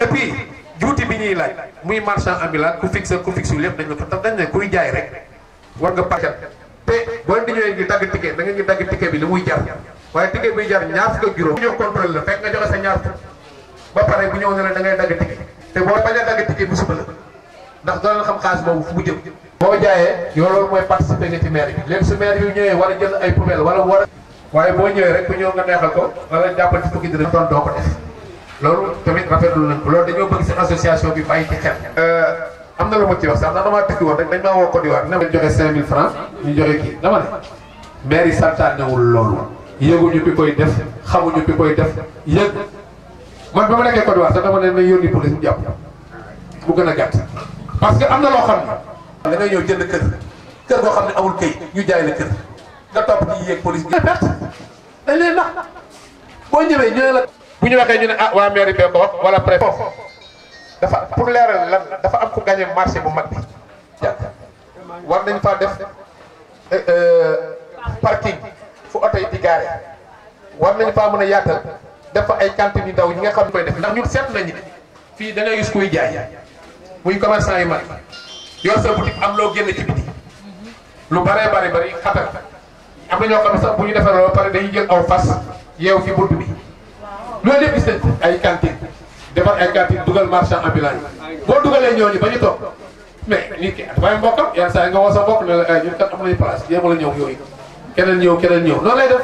et puis juuti bi ñuy laaj muy marchand ambulant ku fixe ku fixe lépp dañ la ko tax dañ ne kuy jaay rek war nga pàccal te boo leen di ñëwee di dagg ticket da nga ñu dagg ticket bi li muy jar waaye ticket bi jar ñaar fukk ak juróom ñëw contrôle la fekk nga joxe sa ñaar fukk ba pare bu ñëw ne la da ngay dagg ticket te boo bañ a dagg ticket bi suba la ndax do la xam xaalis boobu fu mu jëm boo jaayee yow moy participer nga ci maire bi léegi su maire bi ñëwé war jël ay poubelle wala war waye bo ñëwé rek bu ñëw nga neexal ko wala jàppal ci fukki dëgg ton do ko def loolu tamit rafetlu nañ ko loolu dañoo bëgg seen association bi bàyyi ci xel. Euh, am na lu ma ci wax sax ndax damaa tëkki woon rek dañ maa woo Côte d'Ivoire ne ma joxe 5000 francs ñu joxe kii dama ne maire yi santaanewul loolu yëguñu bi koy def xamuñu bi koy def man ba ma nekkee Côte d'Ivoire sax dama ne ma yónni police mu jàpp mu gën a gàtt parce que am na loo xam ne da ngay ñëw jënd kër kër goo xam ne awul këy ñu jaay la kër nga topp ci yéeg police bi. dañ leen nax boo ñëwee ñëwee la. buñu waxé ñu né ah wa mairie bi ko wax wala préfet dafa pour léral lan dafa am ku gagné marché bu mag bi war nañ fa def eh, eh, parking fu auto yi di garé war nañ fa mëna a yaatal dafa ay cantine yu ndaw yi nga xam koy def ndax ñun seet nañu fi da nga gis koy jaay muy commerçant yu mag yor sa boutique am lo génn ci biti lu bare bare bare xatal am na ñoo xam sax bu ñu defaree ba dañuy jël aw fas yew fi buntu bi loolu yëpp gis nañ ay cantine defar ay cantine dugal marchand ambulant yi boo dugalee ñooñu ba ñu mais nit ki dafay mbokkam yenn saa yi nga woo sa mbokk ne la ay ñun kat am nañu place jéem la ñëw yooyu keneen ñëw keneen ñëw noonu lay def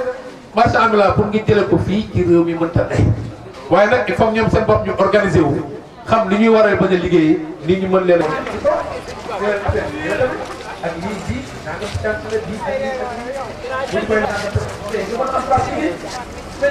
marchand ambulant pour ngi jëlee ko fii ci réew mi mënta ne waaye nag il faut ñoom seen bopp ñu organiser wu xam li ñuy war a liggéey ni ñu mën leen ak lii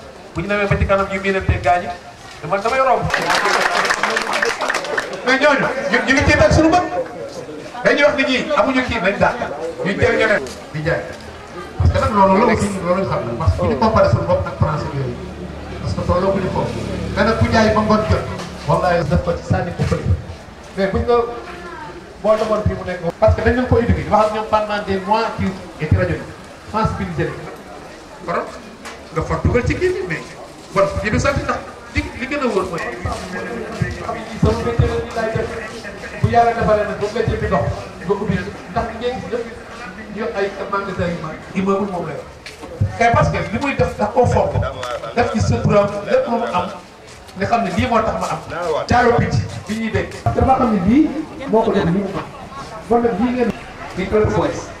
bu ñu demee kanam ñu miinante gaañu te man damay romb mais ñooñu ñu ñu ngi ciy suñu bët dañuy wax nit ñi amuñu kii nañ dàq ñu jël ñeneen di jaay parce que nag loolu la aussi loolu xam na parce que bu ñu comparé suñu bopp ak français yooyu parce que tolloo ko ku jaay ba jot def ko ci ko mais buñ mu parce que dañ ko wax ak pendant des mois sensibiliser nga far dugal ci kii bi mais bon ñu ngi sant ndax li li gën a wóor mooy. bu yàlla defalee nag boobu nga jël ndox nga ubbi ndax ngeen gis ñëpp ñu ay manque de sédiment immeuble moom lay wax. kay parce que li muy def daf koo fonk def ci sutura lépp lu mu am nga xam ne lii moo tax ma am jaaroo picc bi ñuy dégg. dama xam ne lii moo ko def lii mu am kon nag lii ngeen. di ko def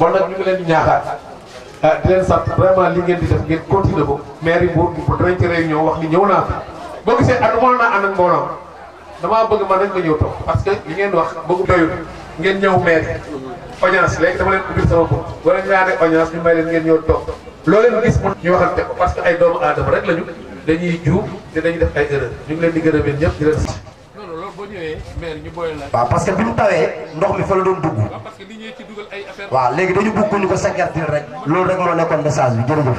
wan nag ñu ngi leen di ñaaxaat ah di leen sant vraiment li ngeen di def ngeen continuer ko maire yi boobu bu danañ ci réunion wax ni ñëw naa fi boo gisee ànd mën naa ànd ak mbooloo damaa bëgg man rek nga ñëw toog parce que li ngeen wax bëgg doyul ngeen ñëw maire audience léegi dama leen ubbil sama bopp wala ñaari audience ñu may leen ngeen ñëw toog loo leen gis mun ñu waxante ko parce que ay doomu aadama rek lañu dañuy juum te dañuy def ay erreur ñu ngi leen di gërëm ñëpp di leen waaw parce que bi mu tawee ndox mi fa la doon dugg waaw léegi dañu bugg ñu ko rek loolu rek moo nekkoon message bi jërëjëf.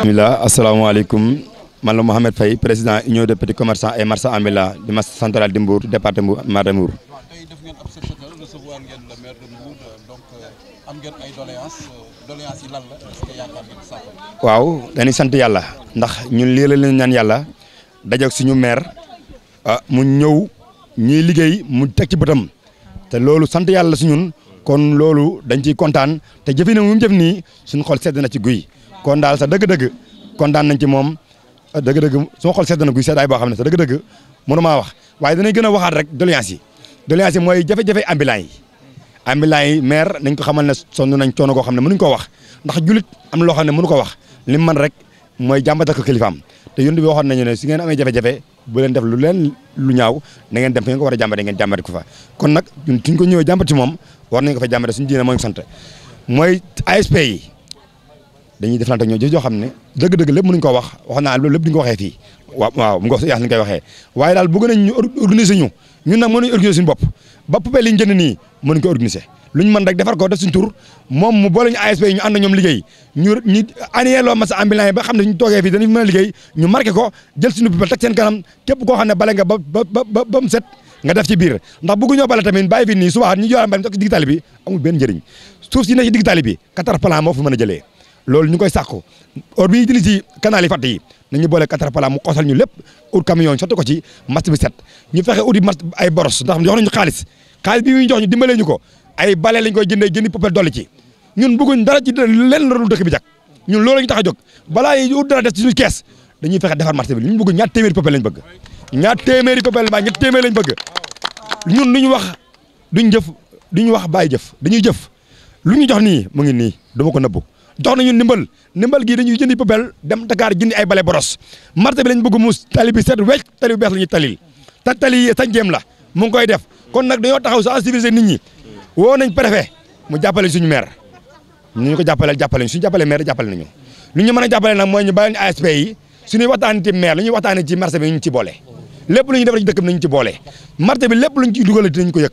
bismillah assalamualaikum, man la Mouhamed presiden président union des petits commerçants et marchands Amila, di marché central di département Wow, ngeen santiala. doléances euh, doléances yi lan la est waaw ah mu ñëw ñuy liggéey mu teg ci bëtam te loolu sant yàlla si ñun kon loolu dañ ciy kontaan te jëfin mu jëf nii suñu xol sedd na kon daal sa dëgg-dëgg kontaan nañ ci moom ah, dëgg-dëgg suma xol sedd na guy seddaay boo xam ne sa dëgg-dëgg mënu maa wax waaye danañ gën a waxaat rek doléances yi yi jafe-jafe ambulant yi maire nañ ko xamal ne sonn nañ coono koo xam ne mënuñ ko wax ndax julit am loo xam ne mënu ko wax li man rek mooy jàmbatal ko kilifaam te yoon bi waxoon nañu ne su ngeen amee jafe-jafe bu leen def lu leen lu ñaaw na ngeen dem fa ngeen ko war a jàmbatee ngeen jàmbatee ko fa kon nag ñun suñ ko ñëwee jàmbat ci moom war nañ ko fa jàmbatee suñu diine mooy sant mooy ASP yi dañuy deflante ak ñoom jëf joo xam ne dëgg-dëgg lépp mënuñ ko wax wax naa loolu lépp duñ ko waxee fii waaw waaw mu nga yaa lañ koy waxee waaye daal bëgg nañ ñu organiser ñu ñun nag mënuñ organiser suñu bopp ba poubelle yi ñu jënd nii mënuñ ko organiser ñu mën rek defar ko def suñ tur moom mu boole ñu ASP ñu ànd ñoom liggéey ñu ñu année loo masa ambulant yi ba xam ne suñu toogee fii danañ mën a liggéey ñu marqué ko jël suñu poubelle teg seen kanam képp koo xam ne bale nga ba ba ba mu set nga def si biir ndax bëggu ñoo bale tamit bàyyi fi nii suba ñu joxe mbay mi ci digg tali bi amul benn njëriñ suuf si ne ci digg tali bi katar plan moo fi mën a jëlee lol ñu koy sakku or bi dili ci canal yi fat yi nañu boole caterpillar mu xossal ñu lepp ut camion sotti ko ci match bi set ñu fexe uti mast ay boros ndax jox nañu xaalis xaalis bi ñu jox ñu dimbalé ñu ko ay balé lañ koy jëndé jëndi popel doli ci ñun bëgguñ dara ci lén la dul dëkk bi jak ñun lol lañ tax a bala yi ut dara def ci suñu kees dañuy fexé défar marché bi ñu bëggu ñaat téeméeri popel lañ bëgg ñaat téeméeri popel ba ñaat téeméer lañ bëgg ñun lu ñu wax duñ jëf duñ wax bàyyi jëf dañuy jëf luñu jox ni mu ngi ni duma ko nëbbu jox nañu ndimbal nimbal gii dañuy jëndi poubelle dem Dakar jëndi ay bale boros marché bi lañ bëgg muus tali bi set wecc tali bu bees la ñuy talil te tali sañjeem la mu ngi koy def kon nag dañoo taxaw sensibiliser nit ñi woo nañ préfet mu jàppale suñu meer ñu ko jàppale jàppale suñu jàppale maire jàppale nañu lu ñu mën a jàppale nag mooy ñu bàyyi ñu ASP yi suñuy waxtaanee ci maire lu ñuy waxtaanee ci marché bi ñu ci boole lépp lu ñuy def ci dëkk ci boole marché bi lépp luñ ci dugal dinañ ko yëg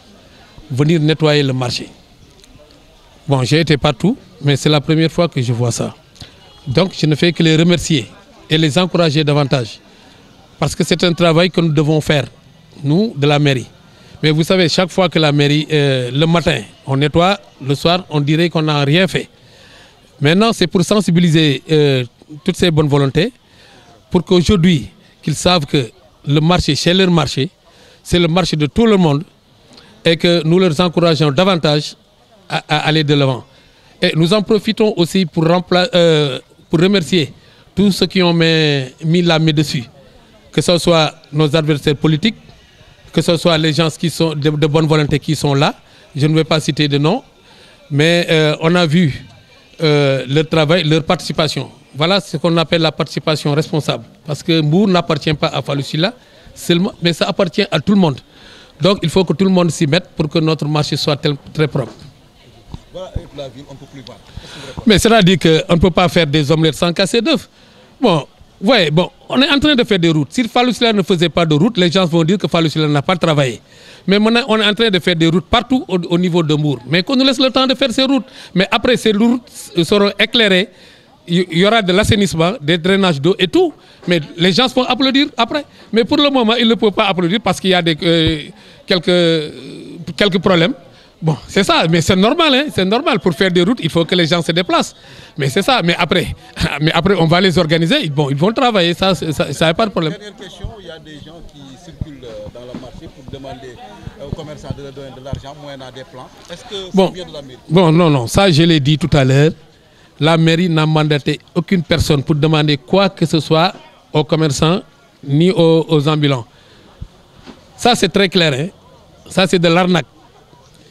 venir nettoyer le marché. Bon, j'ai été partout, mais c'est la première fois que je vois ça. Donc, je ne fais que les remercier et les encourager davantage. Parce que c'est un travail que nous devons faire, nous, de la mairie. Mais vous savez, chaque fois que la mairie, euh, le matin, on nettoie, le soir, on dirait qu'on n'a rien fait. Maintenant, c'est pour sensibiliser euh, toutes ces bonnes volontés, pour qu'aujourd'hui, qu'ils savent que le marché, chez leur marché, c'est le marché de tout le monde, et que nous les encourageons davantage à, aller de l'avant. Et nous en profitons aussi pour, euh, remercier tous ceux qui ont mis, la main dessus, que ce soit nos adversaires politiques, que ce soit les gens qui sont de, bonne volonté qui sont là. Je ne vais pas citer de nom, mais euh, on a vu euh, leur travail, leur participation. Voilà ce qu'on appelle la participation responsable. Parce que Mour n'appartient pas à Fallou seulement, mais ça appartient à tout le monde. Donc il faut que tout le monde s'y mette pour que notre marché soit très propre. Mais cela dit qu'on ne peut pas faire des omelettes sans casser d'œufs. Bon, ouais, bon, on est en train de faire des routes. Si Falusila ne faisait pas de route, les gens vont dire que Falusila n'a pas travaillé. Mais maintenant, on est en train de faire des routes partout au, au niveau de Mour. Mais qu'on nous laisse le temps de faire ces routes. Mais après, ces routes seront éclairées il y aura de l'assainissement, des drainages d'eau et tout. Mais les gens se font applaudir après. Mais pour le moment, ils ne peuvent pas applaudir parce qu'il y a des, euh, quelques, euh, quelques problèmes. Bon, c'est ça, mais c'est normal, hein, c'est normal. Pour faire des routes, il faut que les gens se déplacent. Mais c'est ça, mais après, mais après, on va les organiser. Bon, ils vont travailler, ça, ça n'a pas de problème. Dernière question, il y a des gens qui circulent euh, dans le marché pour demander aux commerçants de leur donner de l'argent, à des plans. Est-ce que bon, ça vient de la Bon, non, non, ça, je l'ai dit tout à l'heure la mairie n'a mandaté aucune personne pour demander quoi que ce soit aux commerçants ni aux, ambulants. Ça, c'est très clair. Hein. Ça, c'est de l'arnaque.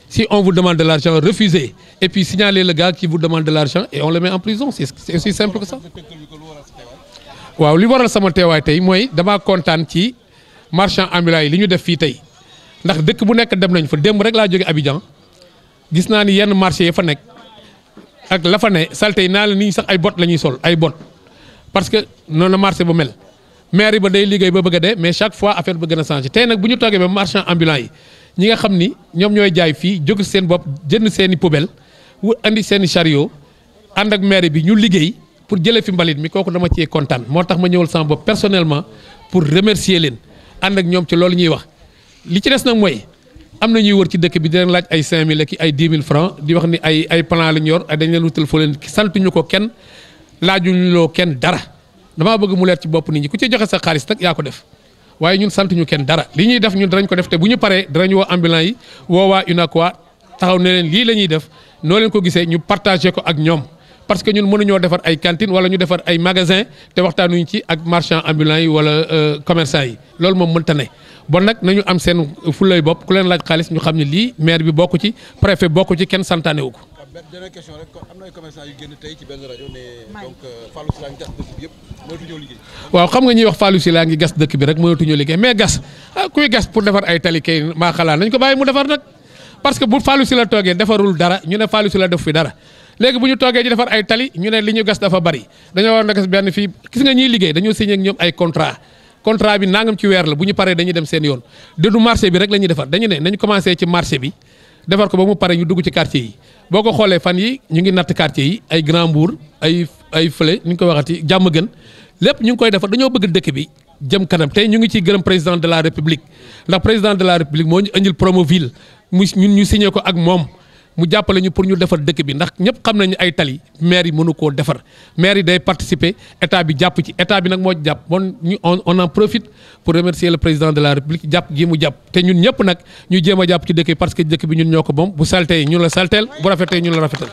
Si on vous demande de l'argent, refusez. Et puis signalez le gars qui vous demande de l'argent et on le met en prison. C'est aussi simple que ça. marchand ambulant marché ak la fa ne salté na la nii sax ay bot lañuy sol ay bot parce que non le marché bu mel maire yi ba day liggéey ba bëgg dé mais chaque fois affaire ba gëna changer té nak buñu toggé ñu toogee ba marchand ambulant yi ñi nga xam ni ñoom jaay fi jóg seen bop jënd seen poubelle wu andi seen chariot and ak maire bi ñu liggéey pour jëlee fi mbalit mi koku dama cee kontaan motax ma ñëwul sama bop personnellement pour remercier leen and ak ñom ci loolu ñuy wax li ci dess nak moy am na ñuy wër ci dëkk bi di leen laaj ay sin 5000 ki ay 10 000 francs di wax ni ay ay plan la ñu yor dañ leen wutal fa leen santuñu ko kenn laajuñu loo kenn dara dama bëgg mu leer ci bopp nit ñi ku ci joxe sa xaalis nag yaa ko def waaye ñun santuñu kenn dara li ñuy def ñun danañ ko def te bu ñu paree danañ woo ambulants yi woo waa UNACOIS taxaw ne leen lii la ñuy def noo leen ko gisee ñu partagé ko ak ñoom. parce que ñun mënuñoo defar ay cantine wala ñu defar ay magasin te waxtaanuñu ci ak marchand ambulant yi wala euh, commerçant yi loolu moom mënta ne bon nag nañu am seen fulay bopp ku leen laaj xaalis ñu xam ne lii maire bi bokk ci préfet bokku ci kenn santaane wu ko. dernière question tey ci benn rajo ne euh, waaw xam nga ñuy wax Fallou laa ngi gas dëkk bi rek mënatuñoo liggéey mais gas ah kuy gas pour defar ay tali kay maa nañ ko bàyyi mu defar nag parce que bu Fallou la toogee defarul dara ñu ne Fallou Sylla def fi dara léegi bu ñu toogee di defar ay tali ñu ne li ñu gas dafa bari dañoo war a gas benn fii gis nga ñuy liggéey dañoo signé ak ñoom ay contrat contrat bi nangam ci weer la bu ñu paree dañuy dem seen yoon du marché bi rek la ñuy defar dañu ne nañu commencé ci marché bi defar ko ba mu pare ñu dugg ci quartier yi boo ko xoolee fan yi ñu ngi natt quartier yi ay Grand mbuur ay ay fle ñu ngi koy waxati jàmm gën lépp ñu ngi koy defar dañoo bëgg dëkk bi jëm kanam tey ñu ngi ciy gërëm président de la république ndax président la république moo ñu indil promoville mu ñun ñu signé ko ak moom mu jàppale ñu pour ñu defar dëkk bi ndax ñëpp xam nañu ay tali maire yi mënu koo defar maire yi day participer état bi jàpp ci état bi nag moo jàpp bon ñu on on en profite pour remercier le président de la république jàpp gi mu jàpp te ñun ñëpp nag ñu jéem a jàpp ci dëkk bi parce que dëkk bi ñun ñoo ko moom bu saltee ñun la salteel bu rafetee ñu la rafetal.